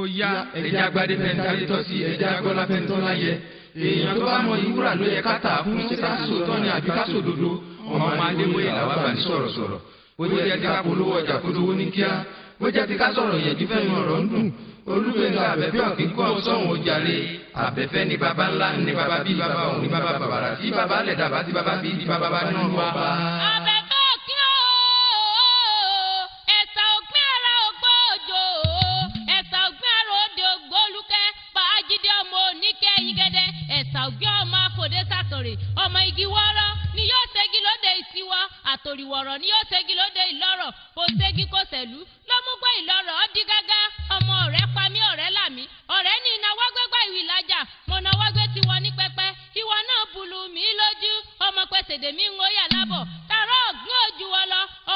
ó yá ẹja agbádé fẹntari tọ́sí ẹja agbọ́lá fẹntọ́lá yẹ èèyàn tó bá mọ ìwúrà ló yẹ ká tà fún ṣe ká sòótọ́ ni àbí ká sòdodo ọmọ adéwòye làwa bá ní sọ̀rọ̀ sọ̀rọ̀ ó jẹ́ ti ká polówó ọjà polówó ní kíá ó jẹ́ ti ká sọ̀rọ̀ yẹ̀jú fẹ́mi ọ̀rọ̀ ń dùn olúgbẹ̀ngà àbẹ̀fẹ́ ọ̀kí kọ́ sọ̀hún ojàre àbẹ̀fẹ́ ni baba ńlá ni baba bíi baba òun ni baba bàbàrà tí baba lẹ̀ dàbà tí baba bíi tí baba bá nínú wa. ṣàgbé ọmọ akòdé sàtòrè ọmọ igi wọ́rọ́ ni yóò ṣẹ́gi lóde ìtiwọ́ àtòrìwọ̀rọ̀ ni yóò ṣẹ́gi lóde ìlọ́rọ̀ kò ṣẹ́gi kò ṣẹ̀lú ló ìlọ́rọ̀ di gágá ọmọ ọ̀rẹ́ pa mí ọ̀rẹ́ là mi ń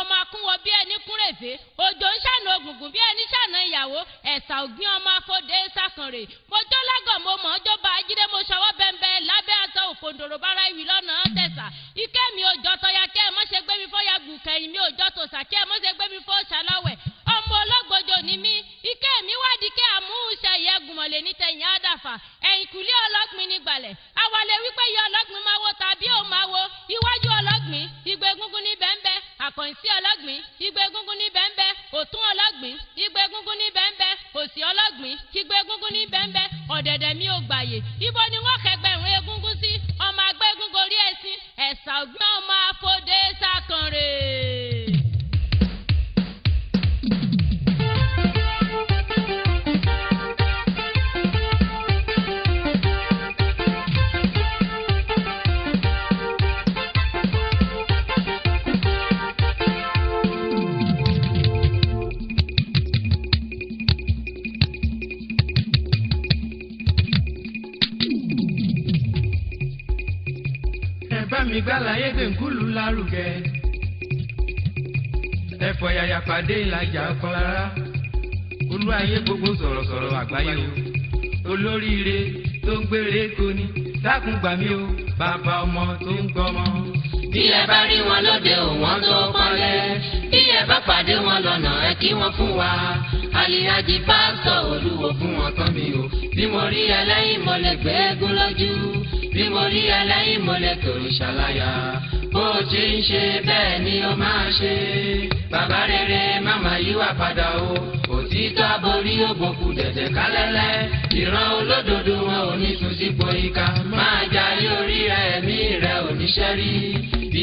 ọmọ akúnwọ bí ẹni kúrèfé òjò ń ṣàna ògùngùn bí ẹni ṣàna ìyàwó ẹ̀sà ògbín ọmọ afọ́dé sàkànrè mo jó lágọ̀ mo mọ̀ ọ́ jọba ajídé mo ṣọwọ́ bẹ́ńbẹ́ lábẹ́ àtọ òfòǹdòrò bára ìwì lọ́nà tẹ̀sà ike mi ò jọ tọya kẹ́ ẹ mọ́ṣe gbé mi fọ́ya gùn kẹ́yìn mi ò jọ tòṣà kẹ́ ẹ mọ́ṣe gbé mi fọ́ ṣàlọ́wẹ̀ ọmọ ológbòjò ni mí ike mi wádìí kẹ́ àmúhùṣe ìyẹ́gùnmọ̀lẹ̀ nítẹ̀yìn àdàfà ẹ̀yìnkùlé ọlọ́gbìn ní gbalẹ̀ àwọlé wípé iye ọlọ́gbìn máa wo tàbí òun máa wo iwájú ọlọ́gbìn ìgbẹ́gungun ní bẹ́ńbẹ́ àkànṣí ọlọ́gbìn igbe egungun ní bẹ́ńbẹ́ òtún ọlọ́gbìn igbe egungun ní bẹ́ńbẹ́ òsì ọlọ́gbìn igbe egungun ní bẹ́ńbẹ́ ọ̀dẹ̀dẹ̀ mi ò gbàyè ibo ni wọ́n kẹgbẹ̀rún egungun sí ọmọ agbẹ́gungun orí ẹ̀sìn ẹ̀sà ògbìn ọmọ afọdé sákànrè. ìgbàláyé gbẹ̀ǹkúlù lárugẹ. ẹ̀fọ́ yàyà pàdé ìlàjà ọkọlára olú ayé gbogbo sọ̀rọ̀sọ̀rọ̀ àgbáyé o olóríire tó ń gbére koni dákun gbà mí o bàbá ọmọ tó ń gbọmọ. bí ẹ bá rí wọn lóde ò wọ́n tó pọ́nlé bí ẹ bá pàdé wọn lọ́nà ẹ kí wọ́n fún wa alihaji pásítọ̀ olúwo fún wọn mi o bí mo rí ẹlẹ́yìn mo lójú bí mo rí aláìmọ̀lẹ̀ tó ṣàlàyà bó o ti ń ṣe bẹ́ẹ̀ ni o máa ṣe bàbá rere màmá yíwà padà o òtítọ́ aborí ògbókù dẹ̀dẹ̀ kálẹ́lẹ́ ìran olódodo wọn ò ní tún sípò ìka máa jayé orí rẹ ẹ̀mí rẹ ò níṣẹ́ rí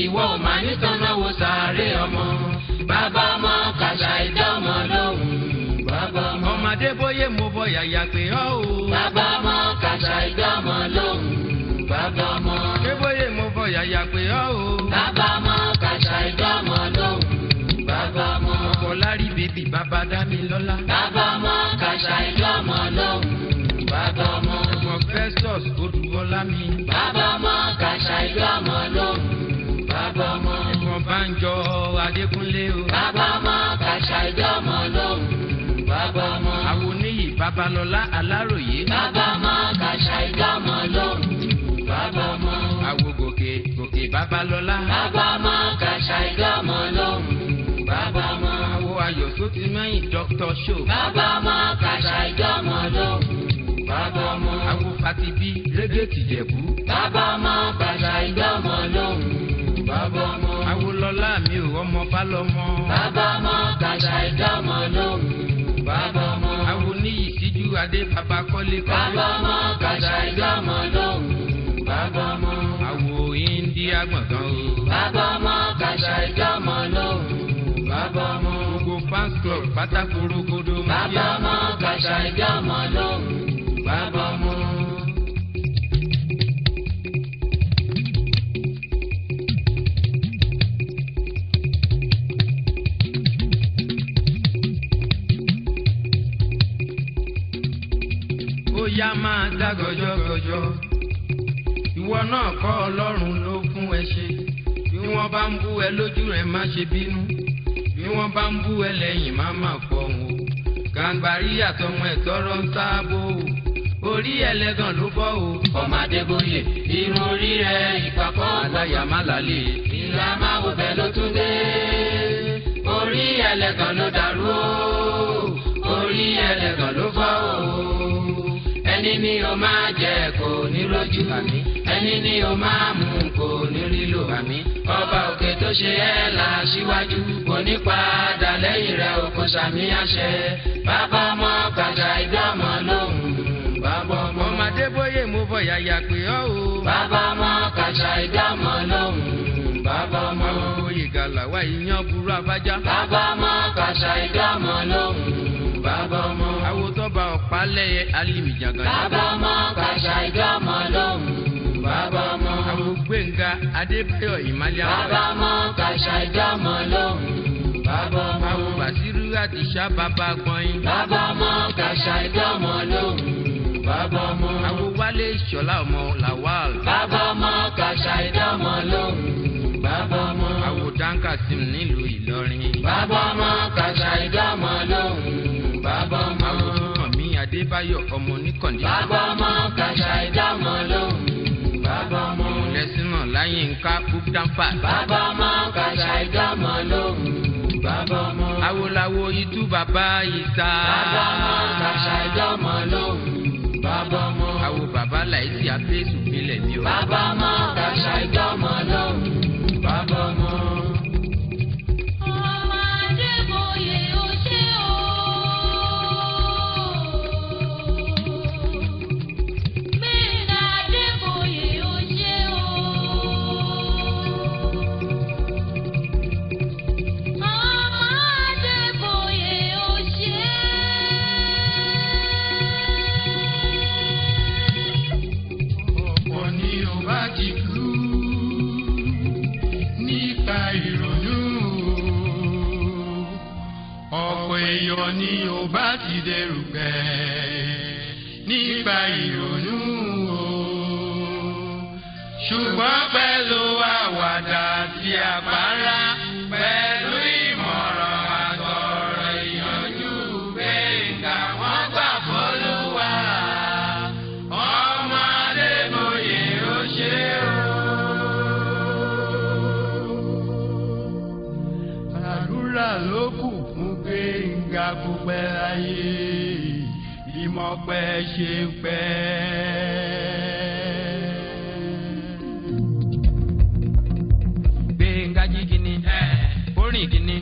ìwọ ò máa nítàn náà wo sàárè ọmọ bàbá ọmọ kàṣà ìdánmọ lóhùn bàbá ọmọ. ọmọdé bóyá mo bọ yàyà pé ọ́ o. bàbá ọmọ yàyà pé ọ́ o. bàbá mọ kàṣà ìjọmọ lóhùn bàbá mọ. ọkọ lárí bèbí bàbá dá mi bàbá mọ kàṣà ìjọmọ lóhùn bàbá mọ. ẹ̀gbọ́n festus olúwọlá mi. bàbá mọ kàṣà ìjọmọ lóhùn bàbá mọ. ẹ̀gbọ́n banjọ adékúnlé o. bàbá mọ kàṣà ìjọmọ lóhùn bàbá mọ. àwọn oníyì babalọlá aláròye. bàbá mọ kàṣà ìjọmọ lóhùn bàbá mọ babalọlá. bàbá mọ kàṣà ìgbàmọ lóhùn. bàbá mọ. àwo ayọ̀ tó ti mẹ́yìn dr show. bàbá mọ kàṣà ìgbàmọ lóhùn. bàbá mọ. àwo fati bí rẹ́gẹ́ tìjẹ̀bú. bàbá mọ kàṣà ìgbàmọ lóhùn. bàbá mọ. àwo mi ò ọmọ bá lọmọ. bàbá mọ kàṣà ìgbàmọ lóhùn. bàbá mọ. àwo ní ìtìjú adé bàbá kọ́lé. bàbá mọ kàṣà ìgbàmọ lóhùn àgbọ̀ngàn o. bàbá ọmọ kàṣà ìjọmọ lóhùn. bàbá ọmọ gbogbo fans club pátákó rogodo. bàbá ọmọ kàṣà ìjọmọ lóhùn. bàbá ọmọ. ó yá máa ìwọ náà kọ́ ọlọ́run ló fún ẹ ṣe bí wọ́n bá ń bú ẹ lójú rẹ̀ má ṣe bínú bí wọ́n bá ń bú ẹ lẹ́yìn má má fọ́ wọn o gàǹgbàrí àtọmọ ẹ̀ tọrọ ń sáàbò orí ẹlẹ́gàn ló bọ́ o. ọmọ adébóyè irun orí rẹ ìpapọ̀ àgbáyà má lálẹ́ ìlà máa wò bẹ́ẹ̀ ló tún dé orí ẹlẹ́gàn ló dàrú o orí ẹlẹ́gàn ló bọ́ o ẹni mi ò máa jẹ kò ní lọ méjì àmì. ẹni ni o máa mú kò ní lílo àmì. ọba òkè tó ṣe ẹ́ là síwájú kò ní padà lẹ́yìn rẹ̀ o kò àṣẹ. bàbá ọmọ bàtà ìdámọ lóhùn bàbá ọmọ. ọmọdé bóyè mo bọ̀ yàyà pé ọ́ o. bàbá ọmọ kàṣà ìdámọ lóhùn bàbá ọmọ. àwọn oyè gàlà ìyàn burú abájá. bàbá ọmọ kàṣà ìdámọ lóhùn bàbá ọmọ. àwọn bá ọ̀pá lẹ́yẹ alìmìjàngàn. bàbá ọmọ kàṣà ìdámọ bàbá mọ́. àwọn gbẹ̀ngà adébáyọ̀ ìmàlẹ́ àwọn. bàbá mọ́ kàṣà ìjọmọ lóhùn. bàbá mọ́. àwọn bàṣírú àtìṣà bàbá gbọ̀nyin. bàbá mọ́ kàṣà ìjọmọ lóhùn. bàbá mọ́. àwọn wálé ìṣọ̀lá ọmọ làwàl. bàbá mọ́ kàṣà ìjọmọ lóhùn. bàbá mọ́. àwọn dáńkà sí mi nílùú ìlọrin. bàbá mọ́ kàṣà ìjọmọ lóhùn. bàbá mọ́. àwọn Adébáyọ̀ ọmọ oníkàndí. bàbá ọmọ kàṣà ìdámọ̀ lóhùn. Yínká Kúdàmpà. bàbá ọmọ kàṣà ìjọmọ lóhùn bàbá ọmọ. awolawo itú bàbá ìta. bàbá ọmọ kàṣà ìjọmọ lóhùn bàbá ọmọ. àwo bàbá làìsí àfẹ́sùn nílẹ̀ mi o. bàbá ọmọ kàṣà ìjọmọ èèyàn ni ò bá ti dẹrù pẹ́ nípa ìrònú o ṣùgbọ́n pẹ̀lú. pẹ́ láyé ìmọ̀ pẹ́ ṣe ń pẹ́. gbẹ̀ngà jí kìíní orin kìíní.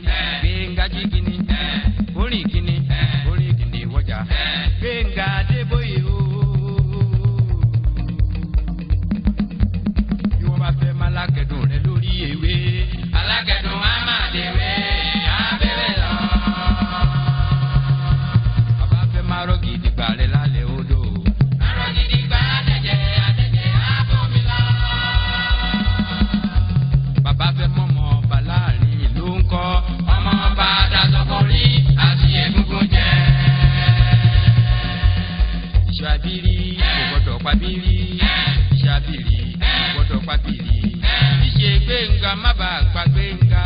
pàbírí ìṣàbírí gbọ́dọ̀ pàbírí ìṣègbè ńgà má bàa gbàgbé ńgà.